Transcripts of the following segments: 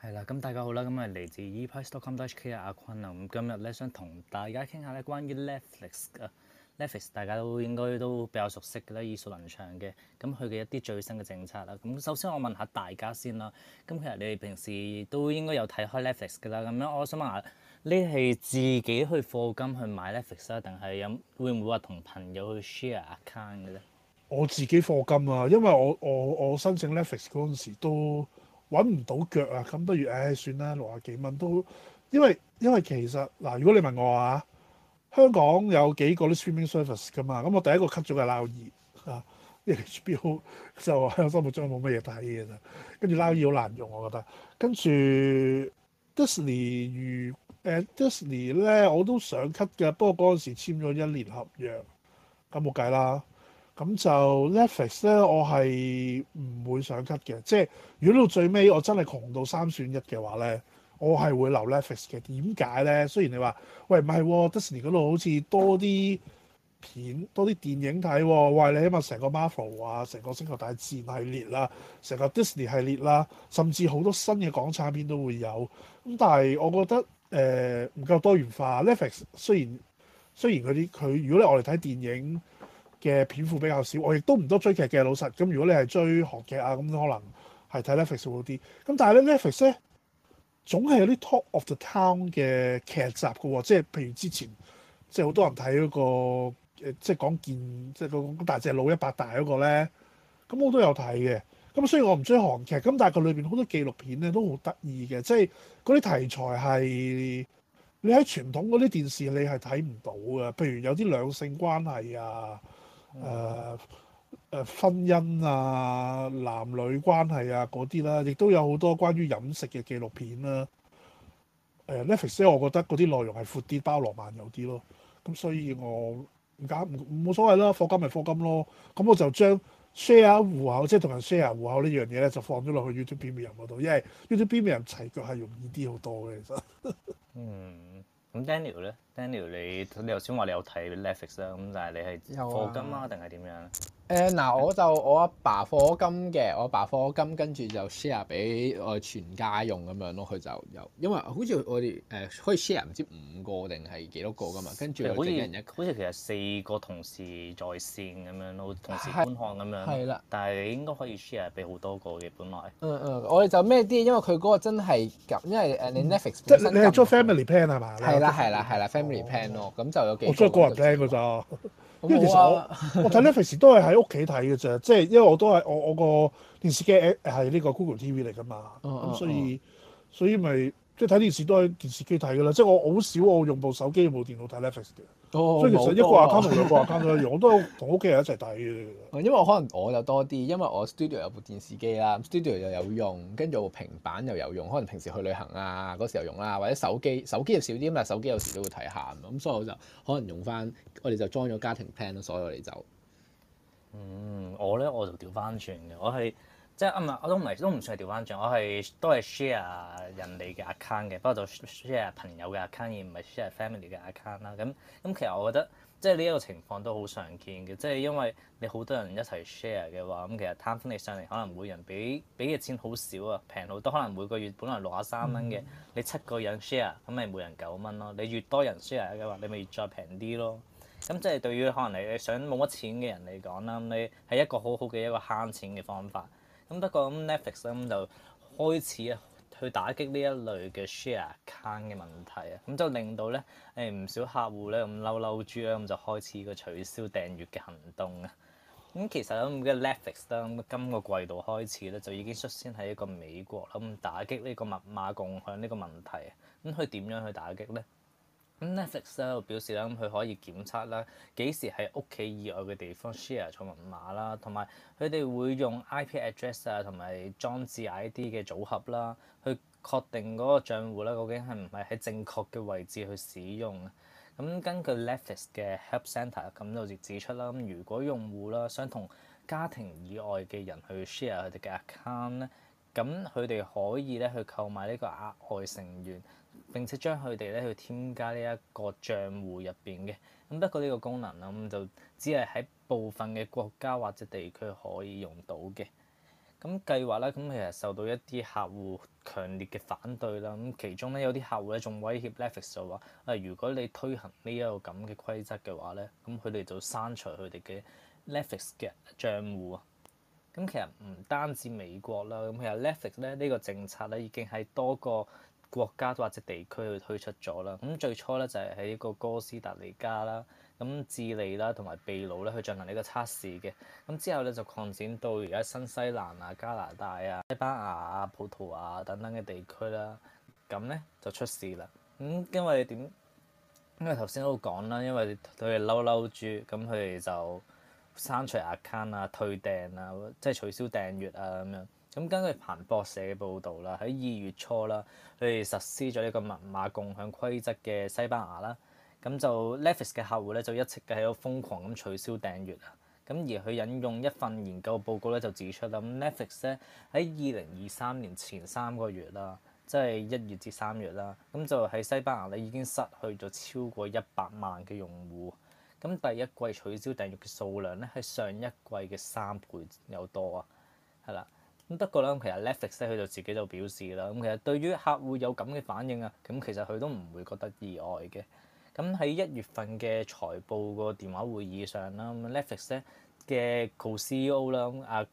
係啦，咁大家好啦，咁啊嚟自 eprice.com.hk 嘅阿坤啊，咁今日咧想同大家傾下咧關於 Netflix 啊，Netflix 大家都應該都比較熟悉嘅啦，耳熟能詳嘅。咁佢嘅一啲最新嘅政策啦，咁首先我問下大家先啦。咁其實你哋平時都應該有睇開 Netflix 噶啦，咁樣我想問下，你係自己去課金去買 Netflix 啊，定係有會唔會話同朋友去 share account 嘅咧？我自己課金啊，因為我我我申請 Netflix 嗰陣時都揾唔到腳啊，咁不如誒、哎、算啦，六啊幾蚊都，因為因為其實嗱、呃，如果你問我啊，香港有幾個啲 streaming service 㗎嘛？咁、嗯、我第一個 cut 咗嘅係 now 二啊，呢個 HBO 就喺我心目中冇乜嘢睇嘅啫，跟住 now 二好難用，我覺得。跟住 Disney 如誒、呃、Disney 咧，我都想 cut 㗎，不過嗰陣時簽咗一年合約，咁冇計啦。咁就 Netflix 咧，我係唔會想 cut 嘅。即係如果到最尾，我真係窮到三選一嘅話咧，我係會留 Netflix 嘅。點解咧？雖然你話喂，唔係 Disney 嗰度好似多啲片、多啲電影睇、哦，喂，你起碼成個 Marvel 啊、成個星球大戰系列啦、啊、成個 Disney 系列啦、啊，甚至好多新嘅港產片都會有。咁但係我覺得誒唔、呃、夠多元化。Netflix 雖然雖然啲佢如果咧我哋睇電影嘅片庫比較少，我亦都唔多追劇嘅老實。咁如果你係追韓劇啊，咁可能係睇 Netflix 好啲。咁但係咧，Netflix 咧總係有啲 talk of the town 嘅劇集嘅喎、哦，即係譬如之前即係好多人睇嗰、那個即係講建即係個大隻佬一百大嗰個咧。咁我都有睇嘅。咁雖然我唔追韓劇，咁但係佢裏邊好多紀錄片咧都好得意嘅，即係嗰啲題材係你喺傳統嗰啲電視你係睇唔到嘅，譬如有啲兩性關係啊。誒誒、mm hmm. 呃呃、婚姻啊，男女關係啊嗰啲啦，亦、啊、都有好多關於飲食嘅紀錄片啦、啊。誒、呃、Netflix 我覺得嗰啲內容係闊啲，包浪漫有啲咯。咁、嗯、所以我唔揀，冇所謂啦，貨金咪貨金咯。咁、嗯、我就將 share 戶口，即係同人 share 戶口呢樣嘢咧，就放咗落去 YouTube 名人嗰度，因為 YouTube 名人齊腳係容易啲好多嘅，其實。嗯、mm。Hmm. 咁 Daniel 咧，Daniel 你你頭先話你有睇 Netflix 啦，咁但係你係課金啊定係點樣咧？誒嗱，我就我阿爸課金嘅，我阿爸課金跟住就 share 俾我哋全家用咁樣咯。佢就有，因為好似我哋誒可以 share 唔知五個定係幾多個噶嘛。跟住好似人一，好似其實四個同事在線咁樣咯，同時觀看咁樣。係啦，但係你應該可以 share 俾好多個嘅本來。我哋就咩啲，因為佢嗰個真係夾，因為誒你 Netflix 即係你係做 family plan 係嘛？係啦係啦係啦，family plan 咯，咁就有幾。我做個人 plan 嗰就。因為其實我 我睇 Netflix 都係喺屋企睇嘅啫，即係因為我都係我我個電視機係呢個 Google TV 嚟噶嘛，咁、嗯嗯、所以所以咪即係睇電視都係電視機睇㗎啦，即係我好少我用部手機、部電腦睇 Netflix 嘅。Oh, 所以其實一個 account 同一個 account 都一樣， 我都同屋企人一齊睇嘅。因為可能我就多啲，因為我 studio 有部電視機啦，studio 又有用，跟住部平板又有用，可能平時去旅行啊嗰時候用啦、啊，或者手機手機又少啲咁啦，手機有時都會睇下咁，所以我就可能用翻。我哋就裝咗家庭 plan 所以我哋就嗯，我咧我就調翻轉嘅，我係。即係啊，我都唔係都唔算係調翻轉，我係都係 share 人哋嘅 account 嘅，不過就 share 朋友嘅 account 而唔係 share family 嘅 account 啦。咁、嗯、咁、嗯嗯嗯、其實我覺得即係呢一個情況都好常見嘅，即係因為你好多人一齊 share 嘅話，咁、嗯、其實攤分嚟上嚟，可能每人俾俾嘅錢好少啊，平好多。可能每個月本來六十三蚊嘅，你七個人 share，咁、嗯、咪、嗯、每人九蚊咯。你越多人 share 嘅話，你咪越再平啲咯。咁、嗯、即係對於可能嚟你想冇乜錢嘅人嚟講啦，咁你係一個好好嘅一個慳錢嘅方法。咁不過咁 Netflix 咧咁就開始去打擊呢一類嘅 share account 嘅問題啊，咁就令到咧誒唔少客戶咧咁嬲嬲豬咧，咁就開始個取消訂閱嘅行動啊。咁其實咁嘅 Netflix 咧咁今個季度開始咧就已經率先喺一個美國咁打擊呢個密碼共享呢個問題啊。咁佢點樣去打擊咧？咁 Netflix 咧就表示啦，咁佢可以檢測啦幾時喺屋企以外嘅地方 share 錯密碼啦，同埋佢哋會用 IP address 啊同埋裝置 ID 嘅組合啦，去確定嗰個賬戶咧究竟係唔係喺正確嘅位置去使用。咁根據 Netflix 嘅 Help Center，e 咁就指出啦，如果用戶啦想同家庭以外嘅人去 share 佢哋嘅 account 咧，咁佢哋可以咧去購買呢個額外成員。並且將佢哋咧去添加呢一個賬戶入邊嘅，咁不過呢個功能啦，咁就只係喺部分嘅國家或者地區可以用到嘅。咁計劃咧，咁其實受到一啲客戶強烈嘅反對啦。咁其中咧有啲客戶咧仲威脅 Netflix 就話，啊，如果你推行呢一個咁嘅規則嘅話咧，咁佢哋就刪除佢哋嘅 Netflix 嘅賬戶啊。咁其實唔單止美國啦，咁其實 Netflix 咧呢個政策咧已經喺多個國家或者地區去推出咗啦，咁最初咧就係喺個哥斯達黎加啦，咁智利啦同埋秘魯咧去進行呢個測試嘅，咁之後咧就擴展到而家新西蘭啊、加拿大啊、西班牙啊、葡萄牙等等嘅地區啦，咁咧就出事啦。咁因為點？因為頭先都講啦，因為佢哋嬲嬲豬，咁佢哋就刪除 account 啊、退訂啊，即係取消訂閱啊咁樣。咁根據彭博社嘅報導啦，喺二月初啦，佢哋實施咗呢個密碼共享規則嘅西班牙啦，咁就 Netflix 嘅客戶咧就一直嘅喺度瘋狂咁取消訂閱啊。咁而佢引用一份研究報告咧就指出啦，Netflix 咧喺二零二三年前三個月啦，即係一月至三月啦，咁就喺西班牙咧已經失去咗超過一百萬嘅用戶。咁第一季取消訂閱嘅數量咧係上一季嘅三倍有多啊，係啦。咁不過咧，其實 Netflix 佢就自己就表示啦。咁其實對於客戶有咁嘅反應啊，咁其實佢都唔會覺得意外嘅。咁喺一月份嘅財報個電話會議上啦，Netflix 咧嘅副 CEO 啦，阿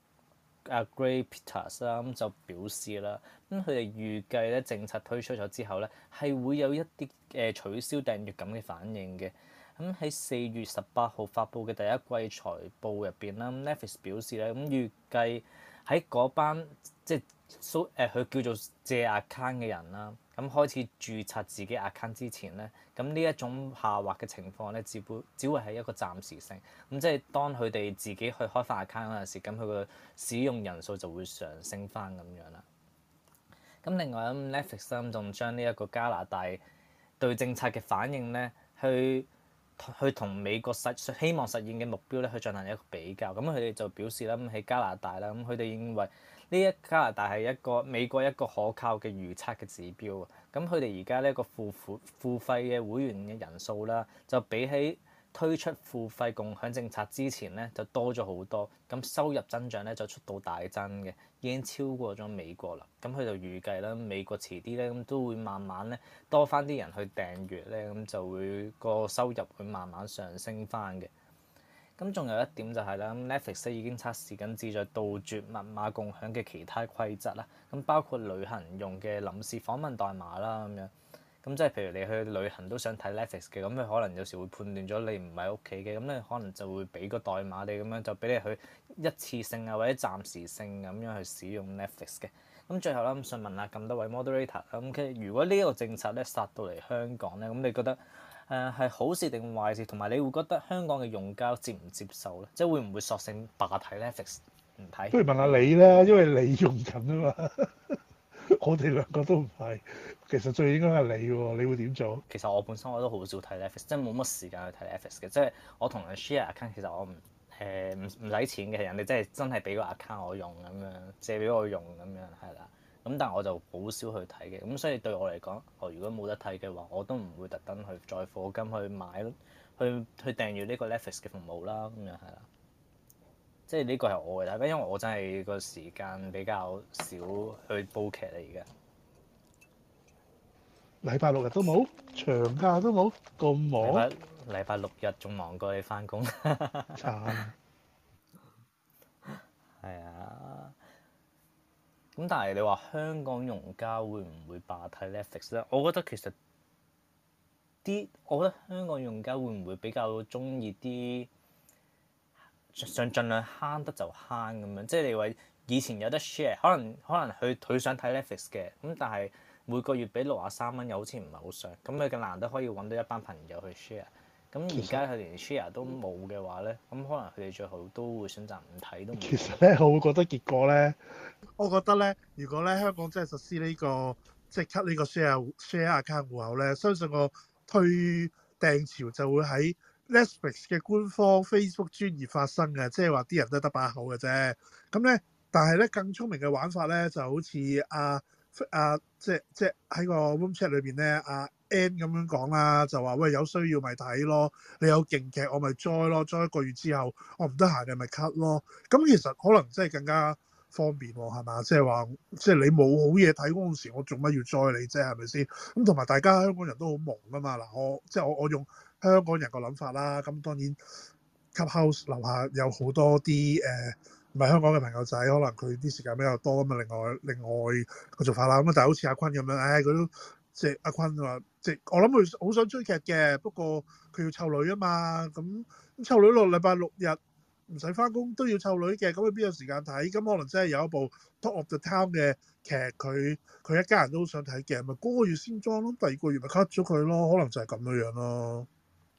阿 Greg Peters 啦，咁、啊啊啊啊啊啊呃、就表示啦，咁佢哋預計咧政策推出咗之後咧，係會有一啲誒、呃、取消訂閱咁嘅反應嘅。咁喺四月十八號發佈嘅第一季財報入邊啦，Netflix 表示咧，咁預計。喺嗰班即係蘇誒，佢叫做借 account 嘅人啦。咁開始註冊自己 account 之前咧，咁呢一種下滑嘅情況咧，只會只會係一個暫時性咁。即係當佢哋自己去開發 account 嗰陣時，咁佢個使用人數就會上升翻咁樣啦。咁另外，咁 Netflix 仲將呢一個加拿大對政策嘅反應咧去。去同美國實希望實現嘅目標咧，去進行一個比較。咁佢哋就表示啦，咁喺加拿大啦，咁佢哋認為呢一加拿大係一個美國一個可靠嘅預測嘅指標。咁佢哋而家呢一個付付付費嘅會員嘅人數啦，就比起推出付費共享政策之前咧，就多咗好多，咁收入增長咧就速度大增嘅，已經超過咗美國啦。咁佢就預計啦，美國遲啲咧，咁都會慢慢咧多翻啲人去訂閱咧，咁就會，個收入會慢慢上升翻嘅。咁仲有一點就係啦，Netflix 已經測試緊旨在杜絕密碼共享嘅其他規則啦，咁包括旅行用嘅臨時訪問代碼啦，咁樣。咁即係譬如你去旅行都想睇 Netflix 嘅，咁佢可能有時會判斷咗你唔喺屋企嘅，咁咧可能就會俾個代碼你，咁樣就俾你去一次性啊或者暫時性咁樣去使用 Netflix 嘅。咁最後啦，咁想問下咁多位 moderator，咁如果呢個政策咧殺到嚟香港咧，咁你覺得誒係好事定壞事？同埋你會覺得香港嘅用家接唔接受咧？即係會唔會索性罷睇 Netflix 唔睇？不如問下你咧，因為你用緊啊嘛。 我哋兩個都唔係，其實最應該係你喎，你會點做？其實我本身我都好少睇 Netflix，即係冇乜時間去睇 Netflix 嘅。即係我同阿 share account，其實我唔誒唔唔使錢嘅，人哋即係真係俾個 account 我用咁樣，借俾我用咁樣係啦。咁但係我就好少去睇嘅。咁所以對我嚟講，我如果冇得睇嘅話，我都唔會特登去再課金去買去去訂閱呢個 Netflix 嘅服務啦。咁樣係啦。即係呢個係我嘅，但係因為我真係個時間比較少去煲劇。而家禮拜六日都冇，長假都冇，咁忙。禮拜六日仲忙過你翻工？ 慘。係 啊。咁但係你話香港用家會唔會霸睇 Netflix 咧？我覺得其實啲，我覺得香港用家會唔會比較中意啲？想盡量慳得就慳咁樣，即係你話以，以前有得 share，可能可能佢佢想睇 Netflix 嘅，咁但係每個月俾六啊三蚊又好似唔係好想，咁佢更難得可以揾到一班朋友去 share。咁而家佢連 share 都冇嘅話咧，咁可能佢哋最後都會選擇唔睇都。其實咧，我會覺得結果咧，我覺得咧，如果咧香港真係實施、這個、刻個 share，呢個即係 cut 呢個 share share account 戶口咧，相信個退訂潮就會喺。Netflix 嘅官方 Facebook 專頁發生嘅，即係話啲人都得把口嘅啫。咁咧，但係咧，更聰明嘅玩法咧，就好似啊，阿、啊、即係即係喺個 room chat 裏邊咧，阿 N 咁樣講啦，就話喂有需要咪睇咯，你有勁劇我咪 join 咯 join 一個月之後我唔得閒你咪 cut 咯。咁、嗯、其實可能即係更加方便喎、啊，係嘛、就是？即係話即係你冇好嘢睇嗰陣時，我做乜要 join 你啫？係咪先？咁同埋大家香港人都好忙㗎嘛。嗱，即我即係我我用。香港人個諗法啦，咁當然 Clubhouse 樓下有好多啲誒，唔係香港嘅朋友仔，可能佢啲時間比較多咁啊。另外另外個做法啦，咁但係好似阿坤咁樣，誒，佢都即係阿坤話，即係我諗佢好想追劇嘅，不過佢要湊女啊嘛，咁咁湊女咯，禮拜六日唔使返工都要湊女嘅，咁佢邊有時間睇？咁可能真係有一部 top of the town 嘅劇，佢佢一家人都想睇嘅，咪嗰個月先裝咯，第二個月咪 cut 咗佢咯，可能就係咁樣樣咯。